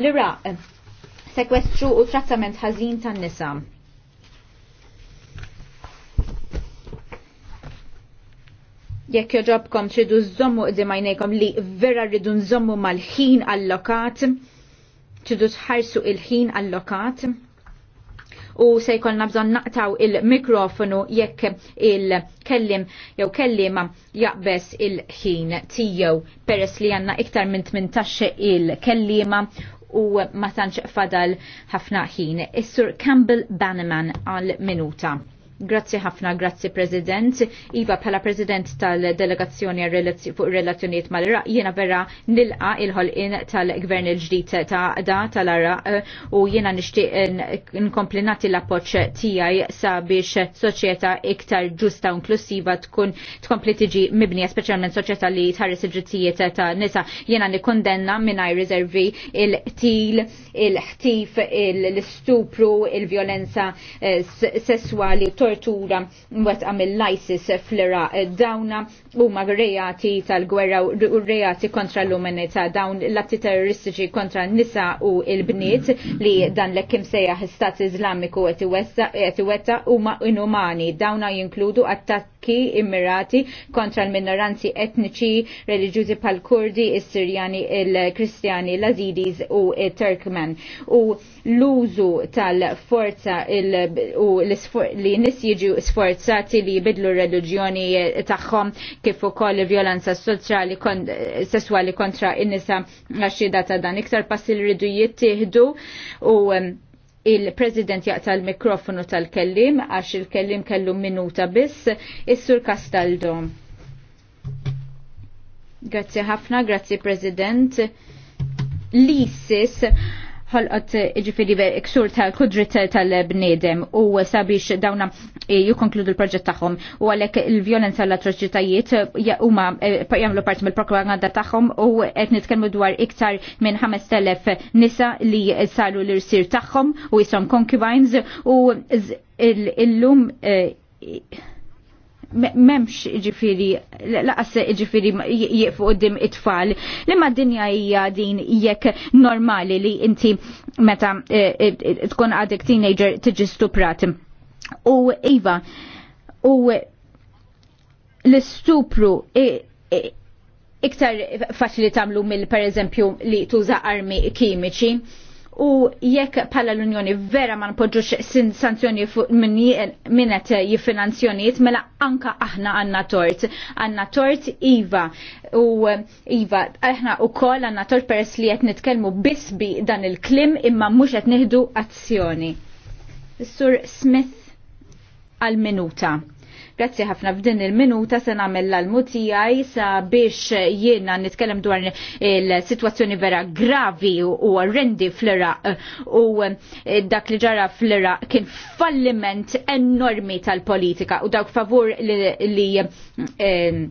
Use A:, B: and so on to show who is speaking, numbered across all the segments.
A: L-Iraq, sekwestru u trattament ħażin tan-nisa. Jekk joġobkom tridu żommu id-dimajnejkom li vera rridu nżommu mal-ħin allokat, tridu tħarsu il-ħin allokat, u se jkollna bżon naqtaw il-mikrofonu jekk il-kellim jew kellima jaqbes il-ħin tijew peress li għanna iktar minn 18 il-kellima u ma tantx fadal ħafna ħin. Is-Sur Campbell Banneman għal minuta. Grazzi ħafna, grazzi President. Iva bħala President tal-Delegazzjoni fuq relazzjoniet mal-Iraq jiena vera nilqa il-ħolqin tal-Gvern il-ġdid ta' da tal-Araq eh, u jiena nixtieq nkomplinati l-appoġġ tiegħi sabiex soċjetà iktar ġusta u inklusiva tkun tkompli tiġi mibnija speċjalment soċjetà li tħares il-ġittijiet ta' nisa. Jiena nikondenna mingħajr riservi il-til, il-ħtif, l-istupru, il-vjolenza eh, sesswali, tortura mwet għamil l-ISIS flera dawna u ma rejati tal-gwerra u reati kontra l-umanita dawn l-atti terroristiċi kontra n-nisa u il-bniet li dan l-ekkim sejjaħ istat izlamiku etiwetta u ma inumani dawna jinkludu attakki immirati kontra l-minoranzi etniċi religjuzi pal-Kurdi, il sirjani il-Kristjani, l-Azidis u il-Turkmen u l-użu tal-forza u l-isfor li nis nies jiġu sforzati li jbidlu r-reliġjoni tagħhom kif ukoll il-vjolanza sessuali kontra in-nisa għaxxida ta' dan iktar passi li rridu jittieħdu u il-President jaqta l-mikrofonu tal-kellim għax il-kellim kellu minuta biss, is-Sur Castaldo. Grazzi ħafna, grazie President. L-ISIS ħolqot ġifiri ksur tal-kudrit tal-bnedem u sabiex dawna e, jukonkludu l-proġett tagħhom u għalhekk il-vjolenza l-atroċitajiet huma e, jagħmlu parti mill-propaganda tagħhom u qed nitkellmu dwar iktar minn 5000 nisa li saru l-irsir tagħhom u jisom concubines u illum e, memx ġifiri, laqas ġifiri jiefu għoddim it-tfal. Li ma dinja hija din jekk normali li inti meta eh, eh, tkun għadek teenager tiġi stuprat. U Iva, u l-stupru eh, iktar faċli tamlu mill per eżempju li tuża armi kimiċi u jekk pala l-Unjoni vera ma npoġġux sanzjoni minnet jifinanzjoniet, mela anka aħna għanna tort. Għanna tort Iva. U Iva, aħna u koll għanna tort peress li jett nitkelmu biss bi dan il-klim imma mux jett nihdu azzjoni. Sur Smith għal-minuta. Grazzi ħafna f'din il-minuta se nagħmel l-mutijaj sa biex jiena nitkellem dwar il-sitwazzjoni vera gravi u orrendi fl-Iraq u eh, dak li ġara fl-Iraq kien falliment enormi tal-politika u dawk favur li, li eh,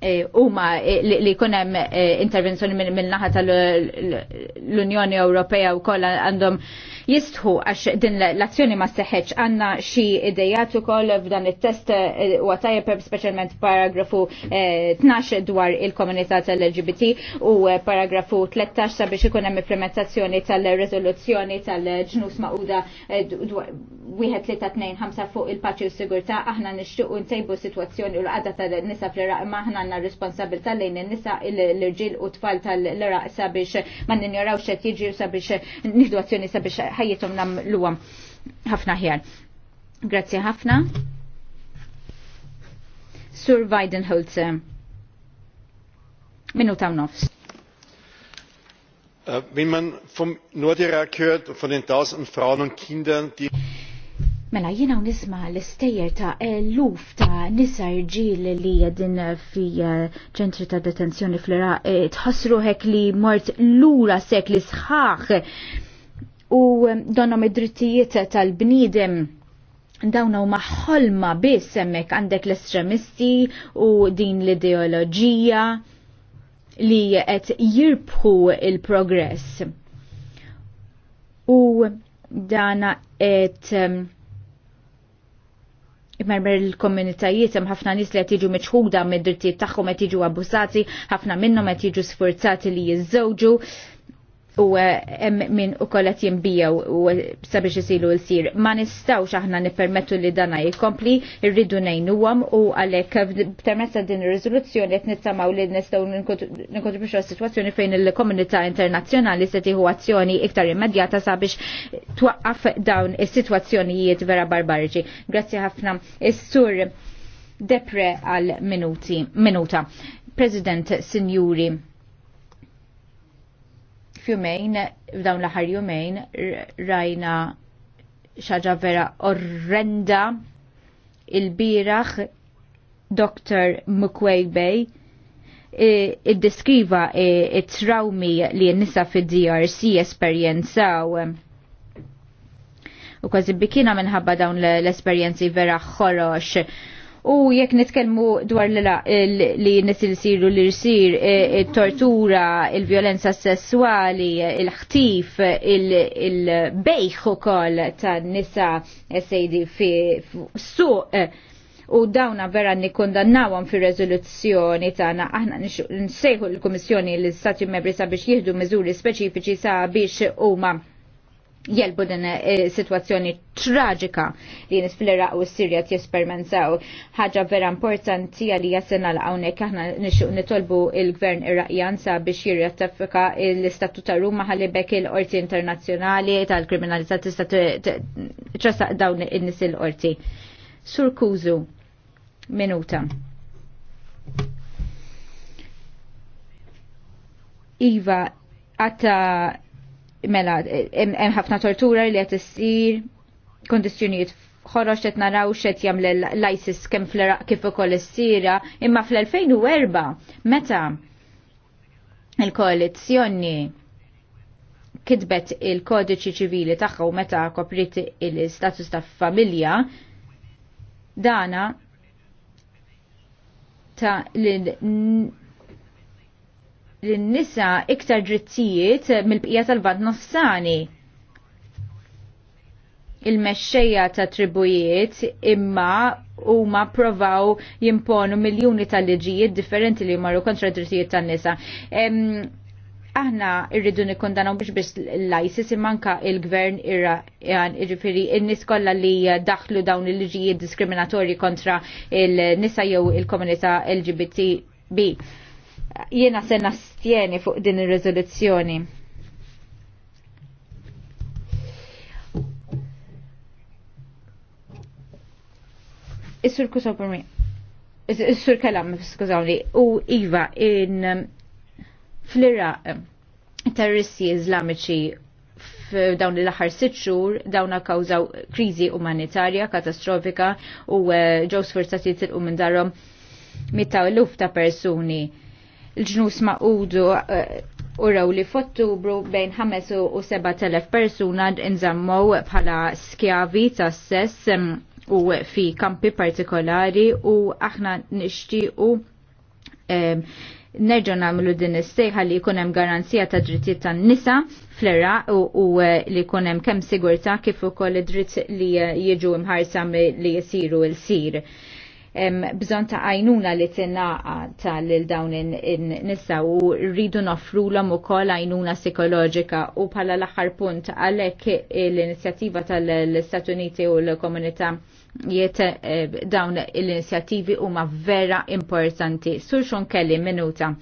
A: Eh, huma eh, li jkun hemm eh, intervenzjoni minn naħa tal-Unjoni Ewropea wkoll għandhom jistħu għax din l-azzjoni ma seħħeċ għandna xi idejat ukoll f'dan it-test huwa tajjeb speċjalment paragrafu 12 dwar il-komunità tal-LGBT u paragrafu 13 sabiex ikun hemm implementazzjoni tal-riżoluzzjoni tal-ġnus maquda wieħed li ta' tnejn ħamsa fuq il-paċi u s-sigurtà aħna nixtiequ ntejbu s-sitwazzjoni u l-qadda tan-nisa fl-Iraq maħna għanna responsabilta lejn n-nisa l-irġil u tfal tal lera sabiex ma n-njoraw xet u sabiex nihdu azzjoni sabiex ħajietum nam l-għam ħafna ħjar. Grazie ħafna. Sur Weidenholzer. Minuta u nofs.
B: Äh, Wenn man vom Nordirak hört, von den tausend Frauen und Kindern, die
A: Mela jiena nisma l-istejjer ta' eluf ta' nisa irġil li jedin fi eh, ċentri ta' detenzjoni fl-Iraq eh, tħassru hekk li mort lura sek li sħaħ u eh, donnom id-drittijiet tal-bnidem dawna u maħħolma biss hemmhekk għandek l-estremisti u din l-ideoloġija li qed jirbħu il-progress. U dana qed Immermer il-komunitajiet hemm ħafna nies li qed jiġu miċħuda mid-drittijiet tagħhom qed jiġu abbużati, ħafna minnhom qed jiġu sforzati li jiżżewġu, u eh, min ukoll qed u eh, sabiex jisilu l-sir. Ma nistgħux aħna nippermettu li dana jkompli, irridu ngħinuhom u għalhekk permezz din ir-riżoluzzjoni qed nittamaw li nistgħu ninkontribwixxu għas-sitwazzjoni fejn il-komunità internazzjonali se tieħu azzjoni iktar immedjata sabiex twaqqaf dawn is-sitwazzjonijiet vera barbariċi. Grazzi ħafna. Is-sur depre għal minuti, minuta. President, Sinjuri, fjumejn, dawn l-aħħar jumejn, rajna xaġa vera orrenda il-biraħ Dr. Mukwege id-deskriva it-traumi li n-nisa fid-DRC esperjenzaw u kważi bikina minħabba dawn l-esperjenzi vera ħorox U jekk nitkellmu dwar li nisil siru li jsir e, tortura, il-violenza sessuali, il-ħtif, il-bejħ ukoll tan nisa sejdi fi suq e, u dawna vera kondannawam fir rezoluzzjoni tagħna aħna nsejħu l-Kummissjoni l-Stati Membri sabiex jieħdu miżuri speċifiċi sabiex huma jelbu din e, situazzjoni traġika li nisflera u s-Sirja jespermenzaw. ħaġa vera importanti għalli jasena l-għawnek aħna nixuq nitolbu il-gvern Iraqjan sa biex jirrattafika l istatut ta' Ruma ħalli bekk il-orti internazjonali tal-kriminalità tista' ċasaq dawn in-nis il-orti. Sur Kuzu, minuta. Iva, għatta mela hemm ħafna tortura li qed issir kondizzjonijiet ħoroġ qed naraw x'qed jagħmel l-ISIS kemm fl-Iraq kif ukoll issira, imma fl-2004 meta il-koalizzjoni kitbet il-kodiċi ċivili tagħha u meta koprit il-status ta' familja dana ta' lin-nisa iktar drittijiet mill-bqija tal-Vant Nofsani il-mexxejja ta' tribujiet imma huma provaw jimponu miljuni ta' liġijiet differenti li jmarru kontra drittijiet tan-nisa. Aħna irridu nikkondanaw biex biex l-ISIS manka il-gvern Iran irriferi n-nis kollha li daħlu dawn il-liġijiet diskriminatorji kontra il-nisa jew il-komunità LGBTB. Jiena se nastjeni fuq din ir-riżoluzzjoni. Is-sur kusobri. Is-sur kalam, skużawni, u Iva, in um, fl-Iraq, um, terroristi iżlamiċi f'dawn l-aħħar sitt xhur dawn akkawżaw kriżi umanitarja katastrofika u uh, ġew sforzati tilqu minn darhom ta' eluf ta' persuni l-ġnus maqudu eh, raw li fottubru bejn 5 u 7.000 persuna nżammow bħala skjavi ta' sess u fi kampi partikolari u aħna nixtiequ u nerġu namlu din istejħa li jkunem garanzija ta' drittijiet tan nisa flera u, u eh, li jkunem kemm sigurta kif ukoll id-dritt li eh, jiġu imħarsam li jisiru il sir bżon ta' għajnuna li t-naqa ta' l-dawn nissa u rridu nofru l-om u kol għajnuna psikologika u pala l-axar punt għalek l-inizjativa tal-Stat Uniti u l-komunità jiet eh, dawn l-inizjativi u ma' vera importanti. Surxon kelli minuta.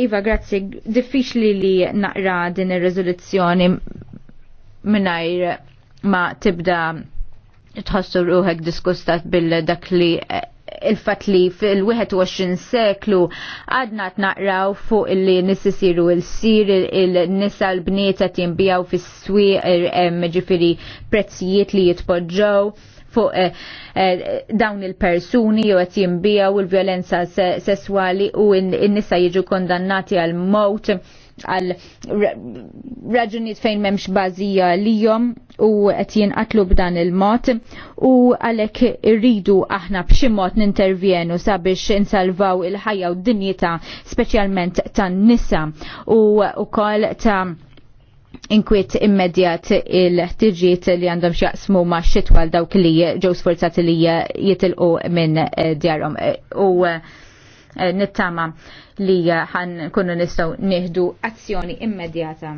A: Iva, grazzi, diffiċli li naqra din ir-rezoluzzjoni minnajr ma tibda tħossu ruħek diskustat bil-dak li il-fat li fil-21 seklu għadna t-naqraw fuq li nis isiru il-sir il-nisa l-bnieta t-jimbijaw fis-swi ġifiri prezzijiet li jitpoġġaw fuq eh, eh, dawn il-persuni jew qed jimbijaw il-vjolenza sesswali u n-nisa jiġu kondannati għal mowt għal raġunijiet fejn memx bazija uh, li jom u qed jinqatlu b'dan il-mod u għalhekk irridu aħna b'xi mod nintervjenu sabiex insalvaw il-ħajja u d-dinjità speċjalment tan-nisa u wkoll ta' inkwiet immedjat il-ħtiġiet li għandhom xjaqsmu ma' xitwal dawk li ġew sforzati li jitilqu minn djarhom. U uh, Eh, nittama li eh, ħan kunnu nistaw nieħdu azzjoni immedjata.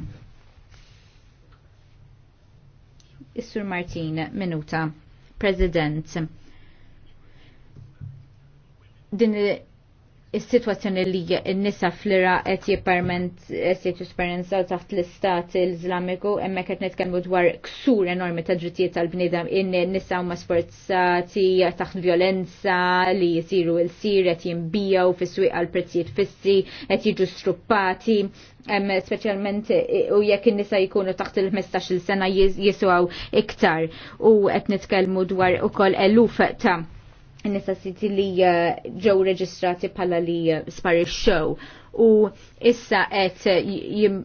A: Is-Sur Martin, minuta, President. Din is-sitwazzjoni li n-nisa fl-ira qed jipperment qed jesperjenzaw taħt l-istat l-Iżlamiku hemmhekk qed nitkellmu dwar ksur enormi ta' drittijiet tal-bniedem in-nisa huma sforzati taħt violenza li jisiru l-sir qed jimbijaw fis għal prezzijiet fissi qed jiġu struppati Um, speċjalment e, u jekk in-nisa jkunu taħt il-15-il sena jiswaw iktar u qed nitkellmu dwar ukoll eluf ta' nisa siti li uh, ġew reġistrati pala li uh, sparixxew u issa qed uh,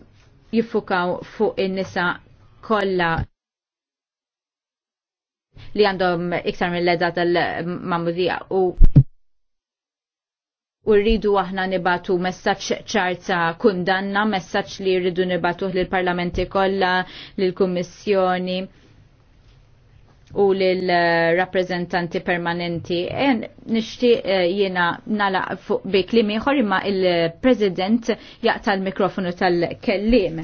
A: jiffukaw fuq in-nisa kollha li għandhom iktar mill-leda tal-mamudija u u rridu aħna nibatu messaċ ċarta kundanna, messaċ li rridu nibatu l-parlamenti kolla, l-kommissjoni u l-rappresentanti permanenti. En nishti eh, jena nala fuq bi klim imma il-President jaqta l-mikrofonu tal-kellim.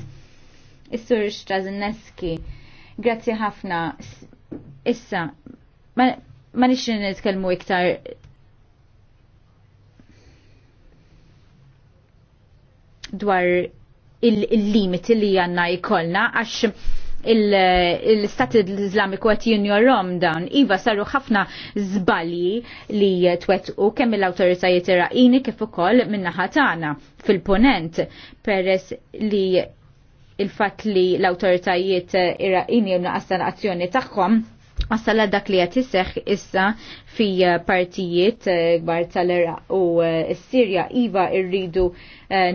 A: Is-Sur Strazineski, grazzi ħafna. Issa, ma nix nitkellmu iktar dwar il-limit il li janna jkollna għax il-Stati l-Islamiku għet jinjorom dawn. Iva saru ħafna zbali li twet u kemm l-autoritajiet iraqini kif ukoll minna ħatana fil-ponent peress li il-fat li l-autoritajiet iraqini jimna azzjoni tagħhom Għasala dak li qed iseħħ issa fi eh, partijiet eh, gbar tal-Iraq u eh, s-Sirja iva irridu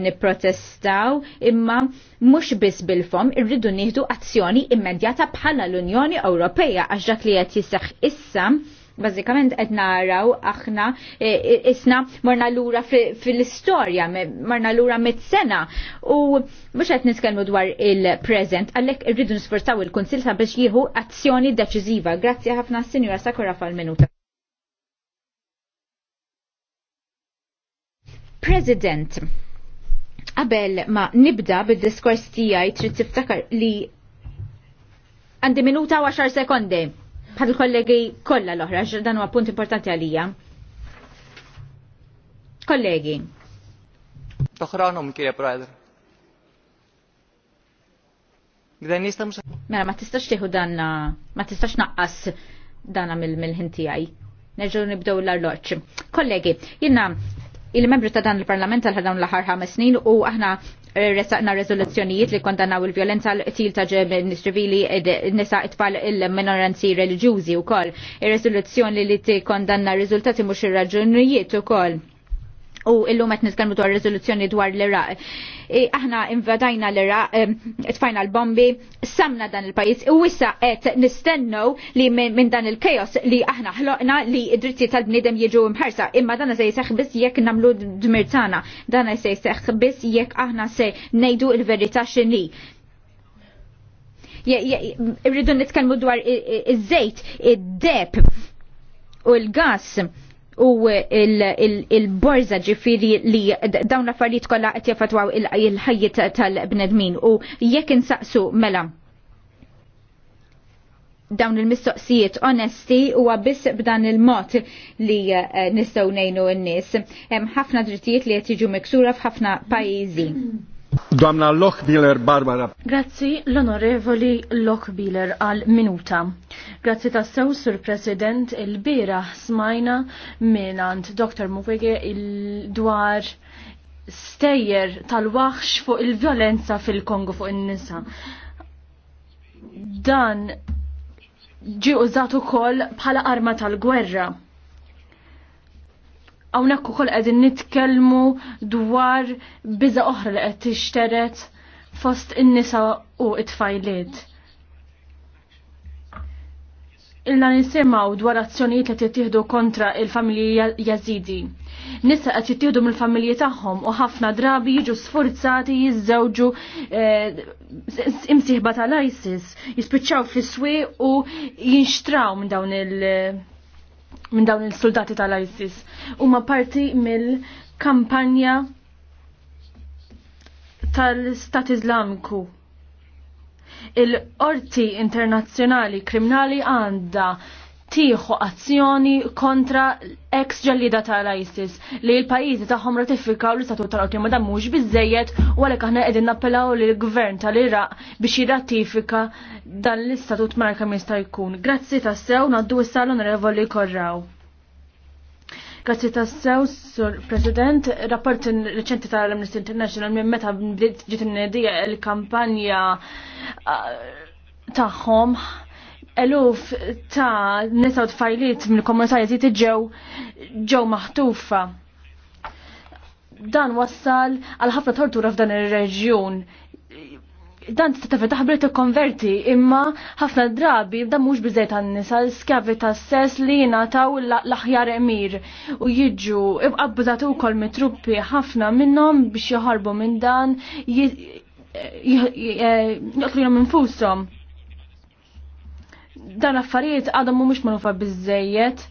A: nipprotestaw imma mhux biss bil-fom irridu nieħdu azzjoni immedjata bħala l-Unjoni Ewropea għax dak li qed jiseħħ issa bażikament qed naraw aħna e, e, isna morna lura fil-istorja, morna lura mit-sena u mhux qed nitkellmu dwar il-preżent għalhekk irridu nisforzaw il-Kunsill sabiex jieħu azzjoni deċiżiva. Grazzi ħafna Sinjura Sakura fal-minuta. President, qabel ma nibda bid-diskors tiegħi trid tiftakar li għandi minuta u 10 sekondi bħal kollegi kollha l-oħra, dan huwa punt importanti għalija. Kollegi. Toħranhom kire Prajder. Mela ma tistax tieħu danna, ma tistax naqqas danna mill-ħin tiegħi. Nerġgħu nibdew l arloċ Kollegi, jenna il-membri ta' dan il-Parlament għal dawn l-aħħar ħames snin u aħna Eh, resaqna rezoluzzjonijiet li kondannaw il-violenza l-qtil ta' ġebin ċivili eh, nisa tfal il-minoranzi reliġjużi u koll. Ir-rezoluzzjoni eh, li ti kondanna riżultati mhux ir-raġunijiet ukoll u illum qed nitkellmu dwar riżoluzzjoni dwar l-Iraq. E, aħna invadajna l-Iraq, tfajna l-bombi, samna dan il-pajjiż u wissa qed nistennew li minn dan il kajos li aħna ħloqna li id-dritti tal-bniedem jiġu mħarsa, imma dana se jseħħ biss jekk nagħmlu dmirtana, dana se jseħħ biss jekk aħna se ngħidu l-verità x'inhi irridu nitkellmu dwar iż-żejt, id-deb u l-gas u il-borza ġifiri li dawn l-affarijiet kollha qed jafatwaw il-ħajjiet tal-bnedmin u jekk insaqsu mela dawn il-mistoqsijiet onesti u biss b'dan il-mod li eh, nistgħu ngħinu n-nies. Hemm ħafna drittijiet li qed jiġu miksura f'ħafna pajjiżi.
B: Damna Lochbiller Barbara. Grazzi l-onorevoli Lochbiller għal minuta. Grazzi ta' sew sur president il-bira smajna minant Dr. Mukwege il-dwar stejjer tal-waħx fuq il-violenza fil-Kongo fuq in-nisa. Dan ġi użat ukoll bħala arma tal-gwerra Hawnhekk ukoll qegħdin nitkellmu dwar biża oħra li qed tixteret fost in-nisa u it-tfajliet. Illa nisimgħu dwar azzjonijiet li tittieħdu kontra il-familji jazidi. Nisa qed jittieħdu mill-familji tagħhom u ħafna drabi jiġu sforzati jiżżewġu eh, imsieħba tal-ISIS, jispiċċaw fis-swieq u jinxtraw minn dawn il- minn dawn il-soldati tal-ISIS. Huma parti mill-kampanja tal-Stat Islamiku. Il-Qorti Internazzjonali Kriminali għandha tieħu azzjoni kontra ex ġellida tal-ISIS li l-pajizi tagħhom ratifikaw l-istatut tal-qtim ma mhux biżejjed u għalek aħna qegħdin nappellaw lill gvern tal-Iraq biex jirratifika dan l-istatut Marka mista jkun. Grazzi tassew ngħaddu issa l-Onorevoli Korraw. Grazzi tas-sew, Sur President, rapport reċenti tal-Amnesty International minn meta bdiet ġiet l kampanja ah, tagħhom eluf ta' nisa u tfajliet mill komunitajiet ġew ġew maħtufa. Dan wassal għal ħafna tortura f'dan ir-reġjun dan tista' tafet taħbir tikkonverti imma ħafna drabi dan mhux biżejt għan-nisa skjavi ta' sess li jingħataw l-aħjar emir u jiġu abbużat wkoll mitruppi ħafna minnhom biex joħarbu minn dan eh, joqtlu minn infushom dan affarijiet għadhom mhumiex magħrufa biżejjed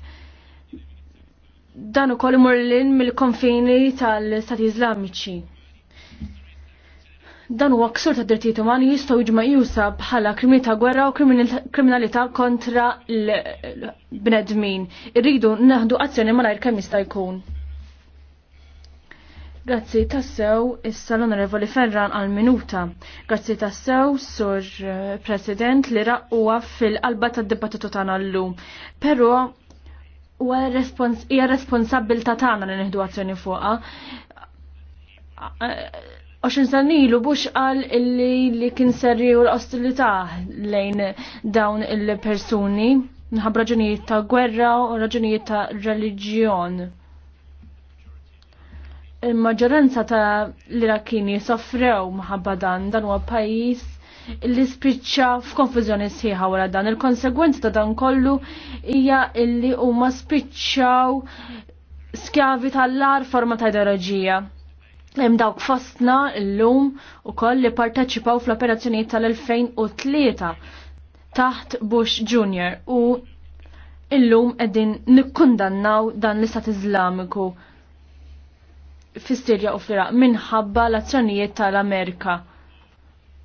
B: dan ukoll imur lin mill-konfini tal istati Iżlamiċi. Dan huwa ksur ta' drittijiet umani jistgħu jiġma jusa bħala krimini ta' gwerra u kriminalità kontra l-bnedmin. Irridu naħdu azzjoni malajr kemm jista' jkun. Grazzi tassew, issa l-Onorevoli Ferran għal minuta. Grazzi tassew, sur eh, President, li raqwa fil-qalba tad dibattitu tagħna llum. Però hija responsabilta tagħna li nieħdu azzjoni fuqha. Eh, għax san bux għal illi li kien serriju l-ostilità lejn dawn il-persuni, nħab raġunijiet ta' gwerra u raġunijiet ta' reliġjon il-maġġoranza ta' l-Irakini soffrew maħabba dan dan huwa pajjiż li spiċċa f'konfużjoni sħiħa wara dan. Il-konsegwenza ta' dan kollu hija illi huma spiċċaw skjavi tal-lar forma ta' ideoloġija. Hemm dawk fostna llum ukoll li parteċipaw fl-operazzjonijiet tal-2003 taħt Bush Jr. u illum qegħdin nikkundannaw dan l-Istat Iżlamiku fisterja u firaq minħabba l-azzjonijiet tal-Amerika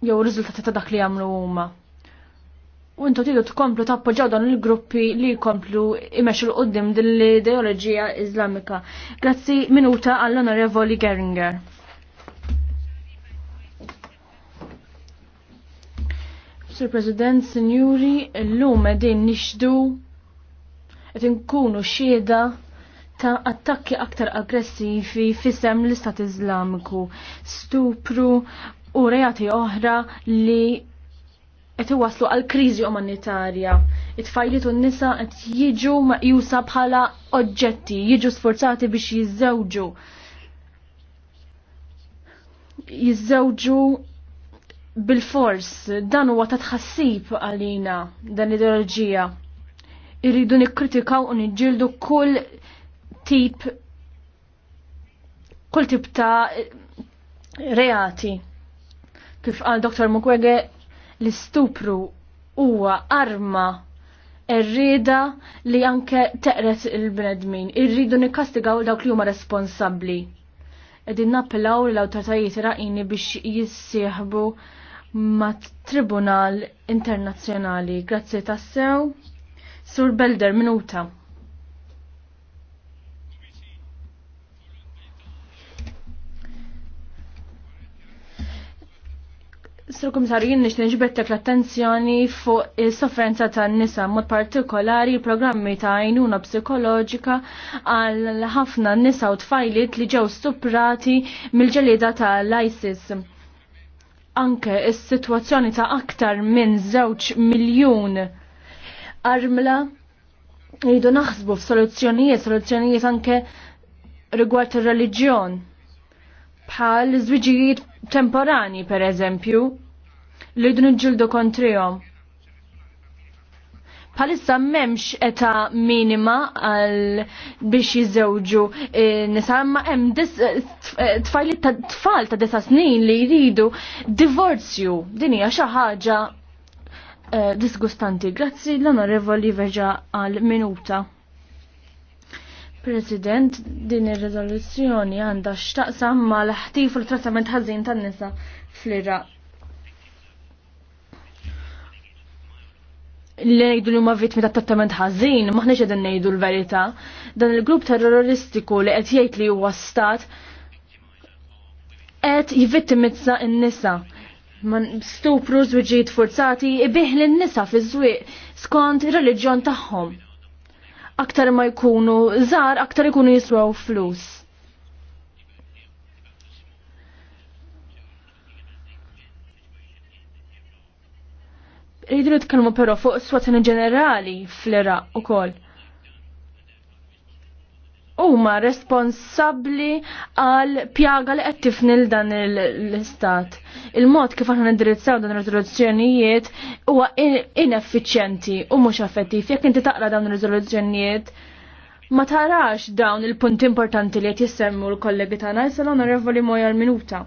B: jew riżultati ta' dak li jagħmlu huma. U intu tidu tkomplu tappoġġaw dawn il-gruppi li jkomplu imexxu l qudiem din l-ideoloġija Iżlamika. Grazzi minuta għall-Onorevoli Geringer. Sir President, Sinjuri, l-lum din nixdu qed inkunu xieda ta' attakki aktar aggressivi fisem l-Istat Islamiku, stupru u reati oħra li qed waslu għal kriżi umanitarja. It-tfajliet u n-nisa qed jiġu maqjusa bħala oġġetti, jiġu sforzati biex jiżewġu. Jiżżewġu bil-fors dan huwa ta' tħassib għalina dan l-ideoloġija irridu nikkritikaw u niġġieldu kull tip kull tip ta' reati. Kif qal Dr. Mukwege l-istupru huwa arma irrida li anke teqret il-bnedmin. Irridu nikkastigaw dawk li huma responsabbli. Qegħdin nappellaw l-awtoritajiet raqini biex jissieħbu mat Tribunal Internazzjonali. Grazzi tassew. Sur Belder, minuta. Ministru Komissarju jien nixtieq nġibettek l-attenzjoni fuq is-sofferenza tan-nisa mod partikolari programmi ta' għajnuna psikoloġika għal ħafna nisa u tfajlit li ġew stuprati mill-ġelida l isis Anke is-sitwazzjoni ta' aktar minn żewġ miljun armla jridu naħsbu f'soluzzjonijiet, soluzzjonijiet anke rigward ir-reliġjon bħal żwiġijiet temporani per eżempju, li jridu ġildu kontrihom. Bħalissa m'hemmx età minima għal biex jiżewġu eh, nisa ma hemm eh, tfajli ta' tfal ta' desa' snin li jridu divorzju. Din hija xi ħaġa eh, disgustanti. Grazzi l-onorevoli veġa għal minuta. President, din ir-riżoluzzjoni għandha x'taqsam mal-ħtif u l-trattament ħażin tan-nisa fl-Iraq. li nejdu li huma vittmi ta' trattament ħażin, maħnex qegħdin ngħidu l-verità. Dan il-grupp terroristiku li qed jgħid li huwa stat qed jivittimizza n-nisa. Man stupru żwiġijiet forzati ibih lin-nisa fi żwieq skont ir-reliġjon tagħhom. Aktar ma jkunu zar, aktar ikunu jiswaw flus Rridu nitkellmu però fuq is-sitwazzjoni ġenerali fl-Iraq ukoll. Huma responsabbli għal pjaga li qed tifnil dan l-istat. Il-mod kif aħna nindirizzaw dan ir-riżoluzzjonijiet huwa ineffiċjenti u mhux effettiv. Jekk inti taqra dawn ir-riżoluzzjonijiet ma tarax dawn il-punti importanti li qed jissemmu l-kollegi tagħna, issa onorevoli Moja minuta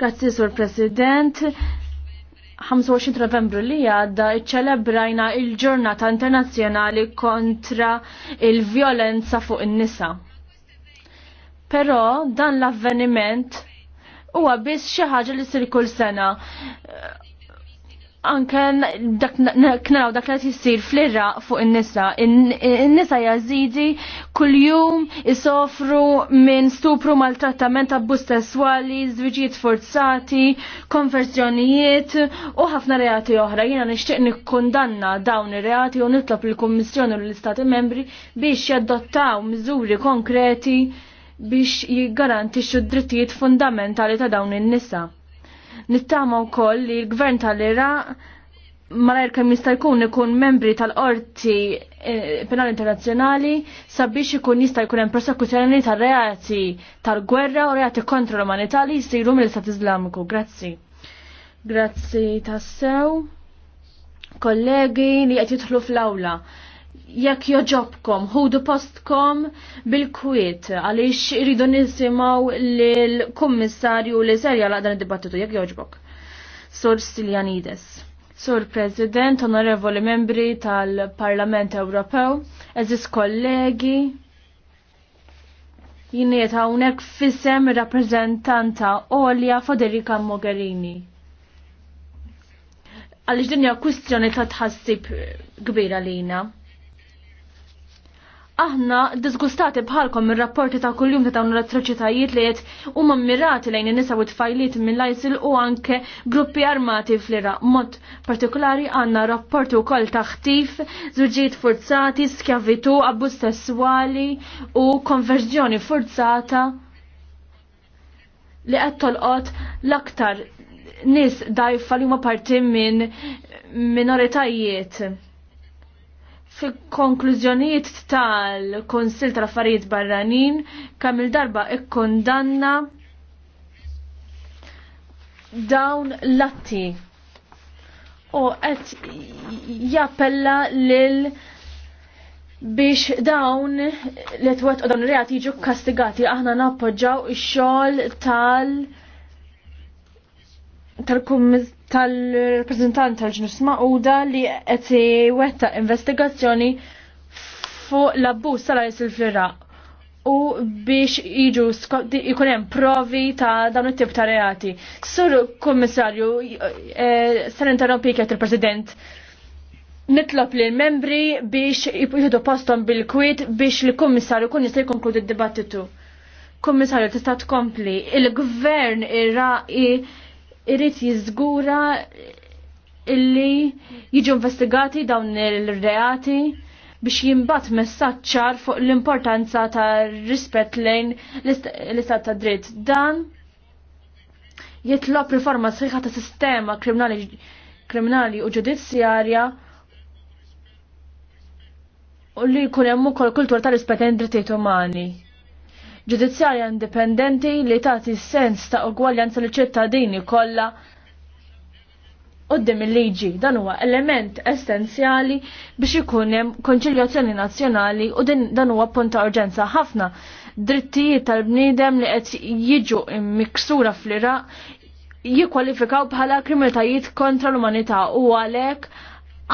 B: Grazzi, Sur President 25 Novembru li għadda iċċelebrajna il-ġurnata internazzjonali kontra il-vjolenza fuq in-nisa. Però dan l-avveniment huwa biss xi ħaġa li sir kull sena anke dak knaraw dak li jissir fl-irra fuq in-nisa. In-nisa jażidi kuljum isofru minn stupru maltrattament abbuż sesswali, żwiġijiet forzati, konversjonijiet u ħafna reati oħra. Jiena nixtieq nikkundanna dawn ir-reati u nitlob il-Kummissjoni u l-Istati Membri biex jaddottaw miżuri konkreti biex jiggarantixxu d-drittijiet fundamentali ta' dawn in-nisa. Nittama wkoll li l-gvern tal-Iraq malajr kemm jista' jkun ikun membri tal-qorti eh, penali internazzjonali sabiex ikun jista' jkun hemm prosekuzzjoni tar-reati tal-gwerra u reati kontra l-umanità li jsiru mill-Istat Islamiku. Grazzi. Grazzi tassew. Kollegi li qed jidħlu fl-awla jekk joġobkom, ħudu postkom bil-kwiet, għaliex iridu nisimaw l-kommissarju li serja la dan id-dibattitu, jekk joġbok. Sur Stiljanides. Sur President, onorevoli membri tal-Parlament Ewropew, eżis kollegi, jiniet hawnhekk fissem rappreżentanta Olja Federica Mogherini għalix dinja kwistjoni ta' tħassib kbira lina aħna disgustati bħalkom mir rapporti ta' kuljum ta' dawn l-atroċitajiet li qed huma mmirati lejn in-nisa u t-fajliet minn lajsil u anke gruppi armati fl-Iraq. Mod partikolari għandna rapporti wkoll ta' ħtif, zuġiet forzati, skjavitu, abbuż sesswali u konverġjoni forzata li qed tolqot l-aktar nis dajfa li huma parti minn minoritajiet Fil-konklużjonijiet tal-Konsil tal-Affarijiet Barranin kemm il-darba ikkondanna dawn l-atti u qed jappella lil biex dawn li twet u dawn reati jiġu kastigati aħna nappoġġaw ix-xogħol tal- tal-reprezentant tal-ġnus ma'uda li qed wetta investigazzjoni fuq l-abbuż tal-għajs il-firaq u biex iġu ikun hemm provi ta' dawn it-tip ta' reati. Sur kummissarju, e, sar interrompi kiet il-President, nitlob li l-membri biex jieħdu postom bil-kwit biex l-kummissarju kun jista' jkonkludi d-dibattitu. Kummissarju tista' tkompli, il-gvern iraqi il irrit jizgura illi jiġu investigati dawn il-reati biex jimbat messaċċar fuq l-importanza ta' rispett lejn l-istat ta' dritt. Dan jitlob riforma sħiħa ta' sistema kriminali, kriminali u ġudizzjarja u li jkun hemm ukoll kultur ta' rispet lejn drittijiet umani ġudizzjarja indipendenti li tagħti sens ta' ugwaljanza l ċittadini kollha qoddim il-liġi. Dan huwa element essenzjali biex ikun hemm konċiljazzjoni nazzjonali u dan huwa punta urġenza ħafna drittijiet tal-bniedem li qed jiġu miksura fl-Iraq jikkwalifikaw bħala kriminalitajiet kontra l-umanità u għalhekk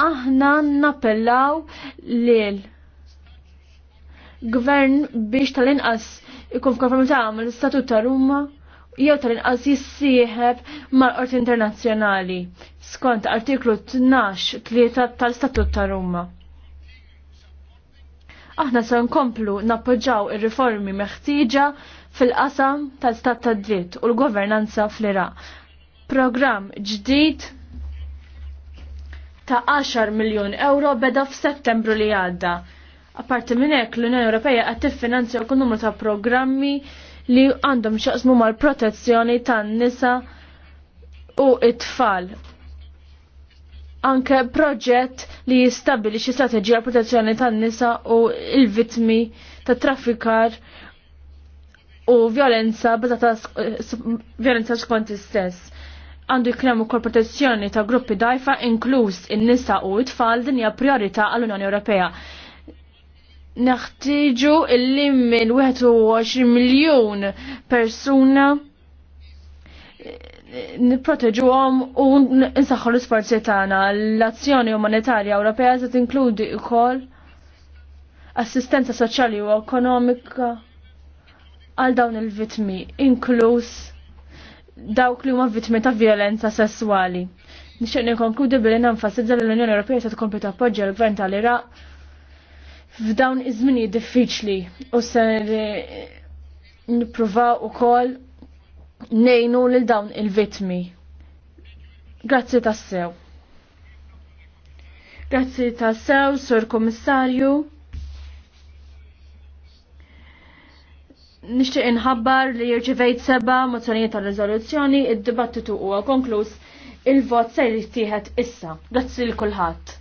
B: aħna nappellaw lil gvern biex tal-inqas ikun f'konformità mal-Istatut ta' Ruma jew tal-inqas jissieħeb mal-Qorti Internazzjonali skont artiklu 12-3 tal-Istatut ta' Ruma. Aħna se nkomplu nappoġġaw ir-riformi meħtieġa fil-qasam tal-Stat tad dritt u l-governanza fl-Iraq. Programm ġdid ta' 10 miljon euro beda f'Settembru li għadda Apparti minn hekk l-Unjoni Ewropea qed tiffinanzja wkoll numru ta' programmi li għandhom xaqsmu mal-protezzjoni tan-nisa u it-tfal. Anke proġett li xi strateġija protezzjoni tan-nisa u il-vitmi ta' traffikar u violenza bazata violenza skont istess. Għandu jkun ukoll protezzjoni ta' gruppi dajfa inkluż in-nisa u t-tfal din hija priorità għall-Unjoni Ewropea naħtiġu illi minn 21 miljon persuna niproteġu għom u nsaxħu l-sforzi tagħna. L-azzjoni umanitarja Ewropea se tinkludi wkoll assistenza soċjali u ekonomika għal dawn il-vitmi, inkluż dawk li huma vitmi ta' violenza sesswali. Nixtieq nikkonkludi billi nenfasizza l-Unjoni Ewropea se tkompli tappoġġja l-Gvern tal-Iraq f'dawn iż-żmini diffiċli u ser nippruvaw ukoll ngħinu lil dawn il vittmi Grazzi tassew. Grazzi tassew, Sur Kommissarju. Nixtieq inħabbar li jirċivejt seba mozzjonijiet tal-riżoluzzjoni, id-dibattitu huwa konkluż, il-vot se jittieħed issa. Grazzi l kulħadd.